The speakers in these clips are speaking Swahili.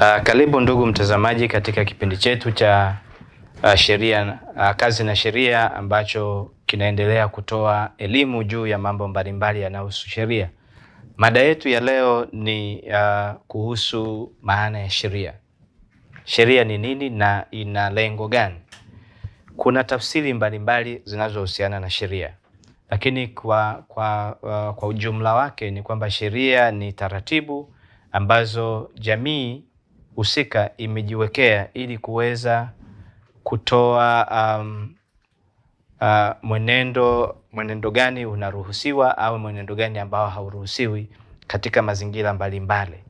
Uh, karibu ndugu mtazamaji katika kipindi chetu cha uh, sheria uh, kazi na sheria ambacho kinaendelea kutoa elimu juu ya mambo mbalimbali yanayohusu sheria. Mada yetu ya leo ni uh, kuhusu maana ya sheria. Sheria ni nini na ina lengo gani? Kuna tafsiri mbalimbali zinazohusiana na sheria, lakini kwa, kwa, uh, kwa ujumla wake ni kwamba sheria ni taratibu ambazo jamii husika imejiwekea ili kuweza kutoa um, uh, mwenendo mwenendo gani unaruhusiwa au mwenendo gani ambao hauruhusiwi katika mazingira mbalimbali.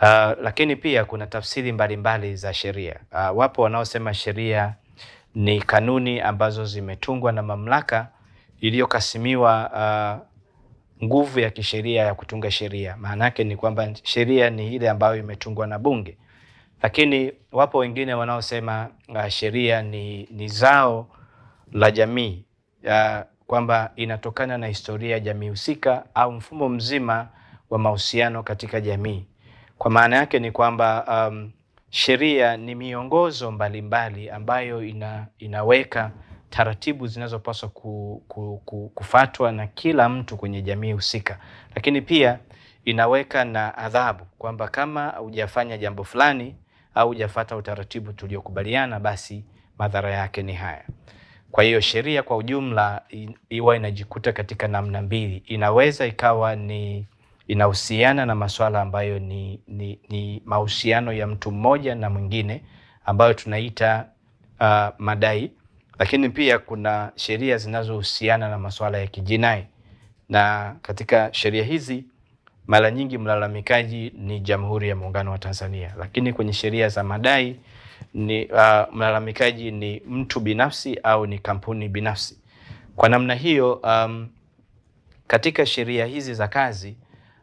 Uh, lakini pia kuna tafsiri mbalimbali mbali za sheria. Uh, wapo wanaosema sheria ni kanuni ambazo zimetungwa na mamlaka iliyokasimiwa uh, nguvu ya kisheria ya kutunga sheria. Maana yake ni kwamba sheria ni ile ambayo imetungwa na bunge. Lakini wapo wengine wanaosema uh, sheria ni, ni zao la jamii uh, kwamba inatokana na historia ya jamii husika au mfumo mzima wa mahusiano katika jamii. Kwa maana yake ni kwamba um, sheria ni miongozo mbalimbali mbali ambayo ina, inaweka taratibu zinazopaswa ku, ku, ku, kufatwa na kila mtu kwenye jamii husika, lakini pia inaweka na adhabu kwamba kama hujafanya jambo fulani au hujafata utaratibu tuliokubaliana, basi madhara yake ni haya. Kwa hiyo sheria kwa ujumla iwa inajikuta katika namna mbili, inaweza ikawa ni inahusiana na masuala ambayo ni, ni, ni mahusiano ya mtu mmoja na mwingine ambayo tunaita uh, madai, lakini pia kuna sheria zinazohusiana na masuala ya kijinai, na katika sheria hizi mara nyingi mlalamikaji ni Jamhuri ya Muungano wa Tanzania, lakini kwenye sheria za madai ni uh, mlalamikaji ni mtu binafsi au ni kampuni binafsi. Kwa namna hiyo, um, katika sheria hizi za kazi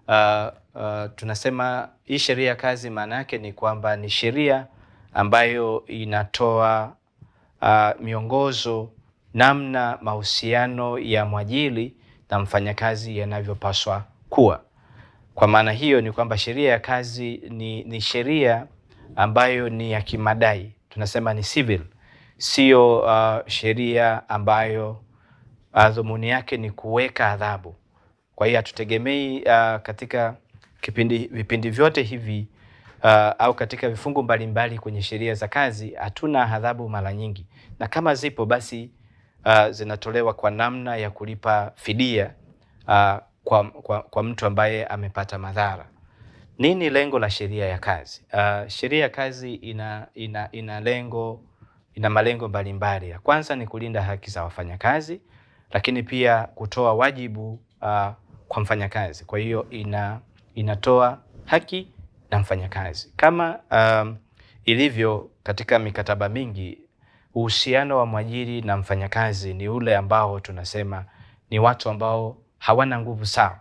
uh, uh, tunasema hii sheria ya kazi maana yake ni kwamba ni sheria ambayo inatoa uh, miongozo namna mahusiano ya mwajili na mfanyakazi yanavyopaswa kuwa. Kwa maana hiyo ni kwamba sheria ya kazi ni, ni sheria ambayo ni ya kimadai, tunasema ni civil, siyo uh, sheria ambayo uh, dhumuni yake ni kuweka adhabu. Kwa hiyo hatutegemei uh, katika kipindi, vipindi vyote hivi uh, au katika vifungu mbalimbali kwenye sheria za kazi hatuna adhabu mara nyingi, na kama zipo basi uh, zinatolewa kwa namna ya kulipa fidia uh, kwa, kwa, kwa mtu ambaye amepata madhara. Nini lengo la sheria ya kazi? Uh, sheria ya kazi ina, ina, ina lengo ina malengo mbalimbali. Ya kwanza ni kulinda haki za wafanyakazi, lakini pia kutoa wajibu uh, kwa mfanyakazi. Kwa hiyo ina, inatoa haki na mfanyakazi kama um, ilivyo katika mikataba mingi. Uhusiano wa mwajiri na mfanyakazi ni ule ambao tunasema ni watu ambao hawana nguvu sawa,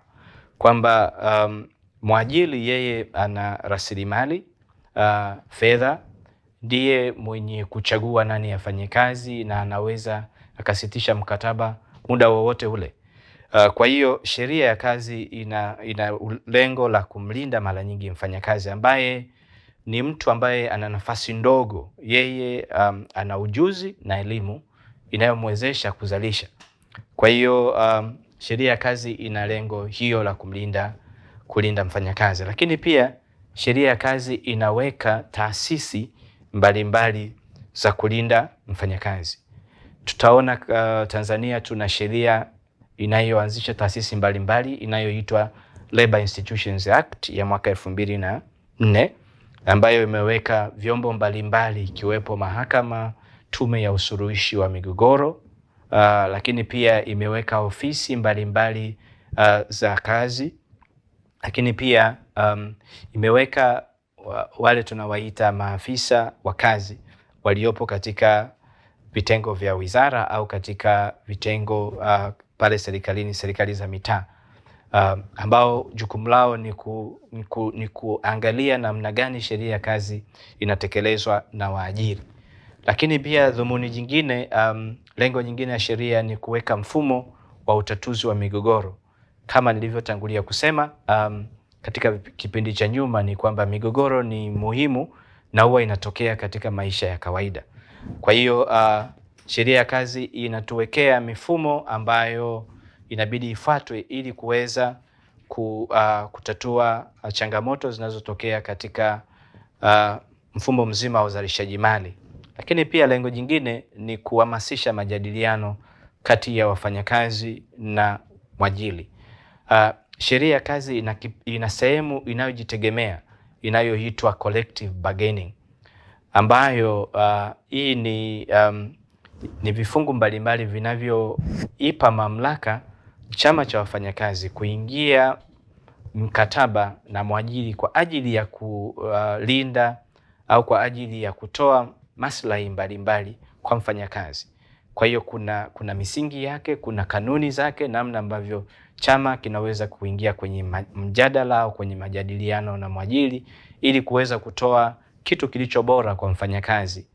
kwamba um, mwajili yeye ana rasilimali uh, fedha, ndiye mwenye kuchagua nani afanye kazi na anaweza akasitisha mkataba muda wowote ule. Uh, kwa hiyo sheria ya kazi ina, ina lengo la kumlinda mara nyingi mfanyakazi ambaye ni mtu ambaye ana nafasi ndogo yeye, um, ana ujuzi na elimu inayomwezesha kuzalisha. Kwa hiyo um, sheria ya kazi ina lengo hiyo la kumlinda kulinda mfanyakazi, lakini pia sheria ya kazi inaweka taasisi mbalimbali mbali za kulinda mfanyakazi. Tutaona uh, Tanzania tuna sheria inayoanzisha taasisi mbalimbali inayoitwa Labor Institutions Act ya mwaka elfu mbili na nne ambayo imeweka vyombo mbalimbali ikiwepo mahakama, tume ya usuluhishi wa migogoro uh, lakini pia imeweka ofisi mbalimbali mbali, uh, za kazi, lakini pia um, imeweka wale tunawaita maafisa wa kazi waliopo katika vitengo vya wizara au katika vitengo uh, pale serikalini, serikali za mitaa uh, ambao jukumu lao ni, ku, ni, ku, ni kuangalia namna gani sheria ya kazi inatekelezwa na waajiri. Lakini pia dhumuni jingine, um, lengo nyingine ya sheria ni kuweka mfumo wa utatuzi wa migogoro kama nilivyotangulia kusema um, katika kipindi cha nyuma ni kwamba migogoro ni muhimu na huwa inatokea katika maisha ya kawaida. Kwa hiyo uh, sheria ya kazi inatuwekea mifumo ambayo inabidi ifuatwe ili kuweza ku, uh, kutatua changamoto zinazotokea katika uh, mfumo mzima wa uzalishaji mali. Lakini pia lengo jingine ni kuhamasisha majadiliano kati ya wafanyakazi na mwajili. Uh, ah, sheria ya kazi ina, ina sehemu inayojitegemea inayoitwa collective bargaining ambayo uh, hii ni, um, ni vifungu mbalimbali vinavyoipa mamlaka chama cha wafanyakazi kuingia mkataba na mwajiri kwa ajili ya kulinda ah, au kwa ajili ya kutoa maslahi mbalimbali kwa mfanyakazi. Kwa hiyo kuna, kuna misingi yake, kuna kanuni zake, namna ambavyo chama kinaweza kuingia kwenye mjadala au kwenye majadiliano na mwajiri ili kuweza kutoa kitu kilicho bora kwa mfanyakazi.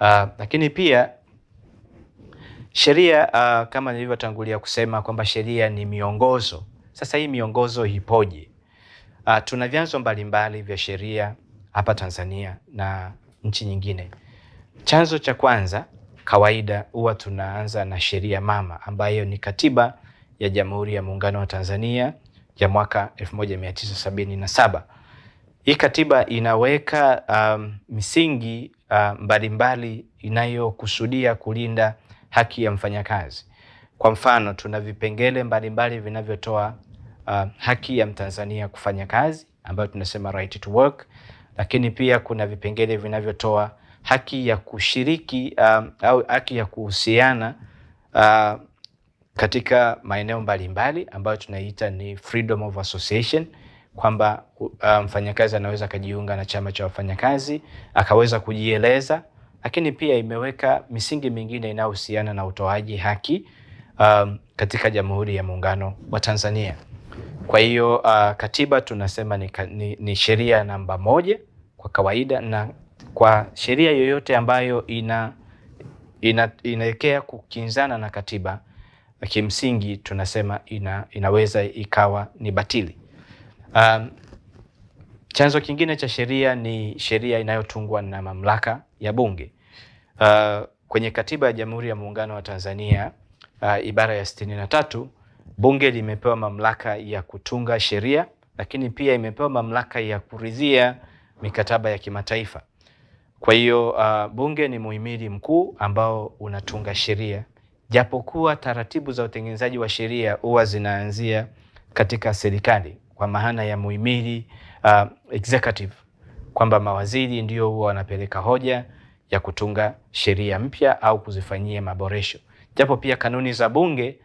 Uh, lakini pia sheria uh, kama nilivyotangulia kusema kwamba sheria ni miongozo. Sasa hii miongozo ipoje? Uh, tuna vyanzo mbalimbali vya sheria hapa Tanzania na nchi nyingine. Chanzo cha kwanza kawaida huwa tunaanza na sheria mama ambayo ni Katiba ya Jamhuri ya Muungano wa Tanzania ya mwaka 1977. Hii katiba inaweka um, misingi uh, mbalimbali um, mbali inayokusudia kulinda haki ya mfanyakazi. Kwa mfano, tuna vipengele mbalimbali vinavyotoa uh, haki ya Mtanzania kufanya kazi ambayo tunasema right to work, lakini pia kuna vipengele vinavyotoa haki ya kushiriki um, au haki ya kuhusiana uh, katika maeneo mbalimbali ambayo tunaiita ni freedom of association, kwamba uh, mfanyakazi anaweza akajiunga na chama cha wafanyakazi akaweza kujieleza, lakini pia imeweka misingi mingine inayohusiana na utoaji haki um, katika Jamhuri ya Muungano wa Tanzania. Kwa hiyo uh, katiba tunasema ni, ni, ni sheria namba moja kwa kawaida na kwa sheria yoyote ambayo ina ina inaelekea kukinzana na katiba, kimsingi tunasema ina, inaweza ikawa ni batili. Um, chanzo kingine cha sheria ni sheria inayotungwa na mamlaka ya bunge. Uh, kwenye katiba ya Jamhuri ya Muungano wa Tanzania uh, ibara ya sitini na tatu bunge limepewa mamlaka ya kutunga sheria, lakini pia imepewa mamlaka ya kuridhia mikataba ya kimataifa. Kwa hiyo uh, bunge ni muhimili mkuu ambao unatunga sheria, japokuwa taratibu za utengenezaji wa sheria huwa zinaanzia katika serikali kwa maana ya muhimili uh, executive, kwamba mawaziri ndio huwa wanapeleka hoja ya kutunga sheria mpya au kuzifanyia maboresho, japo pia kanuni za bunge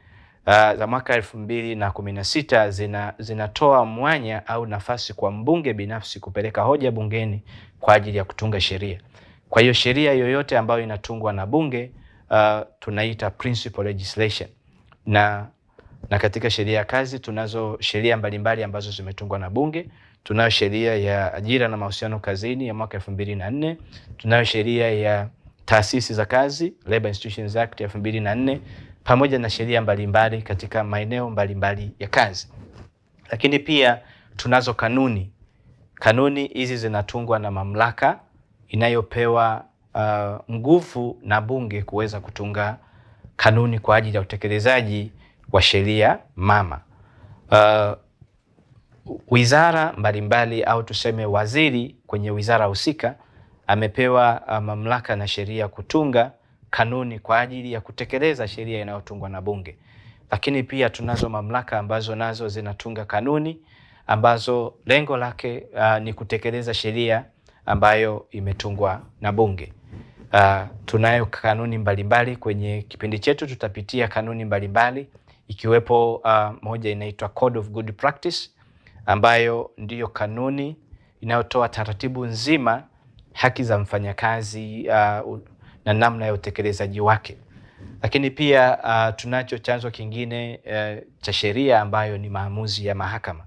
uh, za mwaka elfu mbili na kumi na sita zina, zinatoa mwanya au nafasi kwa mbunge binafsi kupeleka hoja bungeni kwa ajili ya kutunga sheria. Kwa hiyo sheria yoyote ambayo inatungwa na bunge uh, tunaita principal legislation na na katika sheria ya kazi tunazo sheria mbalimbali ambazo zimetungwa na Bunge. Tunayo sheria ya ajira na mahusiano kazini ya mwaka elfu mbili na nne. Tunayo sheria ya taasisi za kazi Labor Institutions Act elfu mbili na nne pamoja na sheria mbalimbali katika maeneo mbalimbali ya kazi. Lakini pia tunazo kanuni. Kanuni hizi zinatungwa na mamlaka inayopewa uh, nguvu na bunge kuweza kutunga kanuni kwa ajili ya utekelezaji wa sheria mama. Uh, wizara mbalimbali au tuseme waziri kwenye wizara husika amepewa uh, mamlaka na sheria kutunga kanuni kwa ajili ya kutekeleza sheria inayotungwa na Bunge, lakini pia tunazo mamlaka ambazo nazo zinatunga kanuni ambazo lengo lake uh, ni kutekeleza sheria ambayo imetungwa na Bunge. Uh, tunayo kanuni mbalimbali. mbali. Kwenye kipindi chetu tutapitia kanuni mbalimbali mbali, ikiwepo uh, moja inaitwa Code of Good Practice ambayo ndiyo kanuni inayotoa taratibu nzima haki za mfanyakazi uh, na namna ya utekelezaji wake. Lakini pia uh, tunacho chanzo kingine uh, cha sheria ambayo ni maamuzi ya mahakama.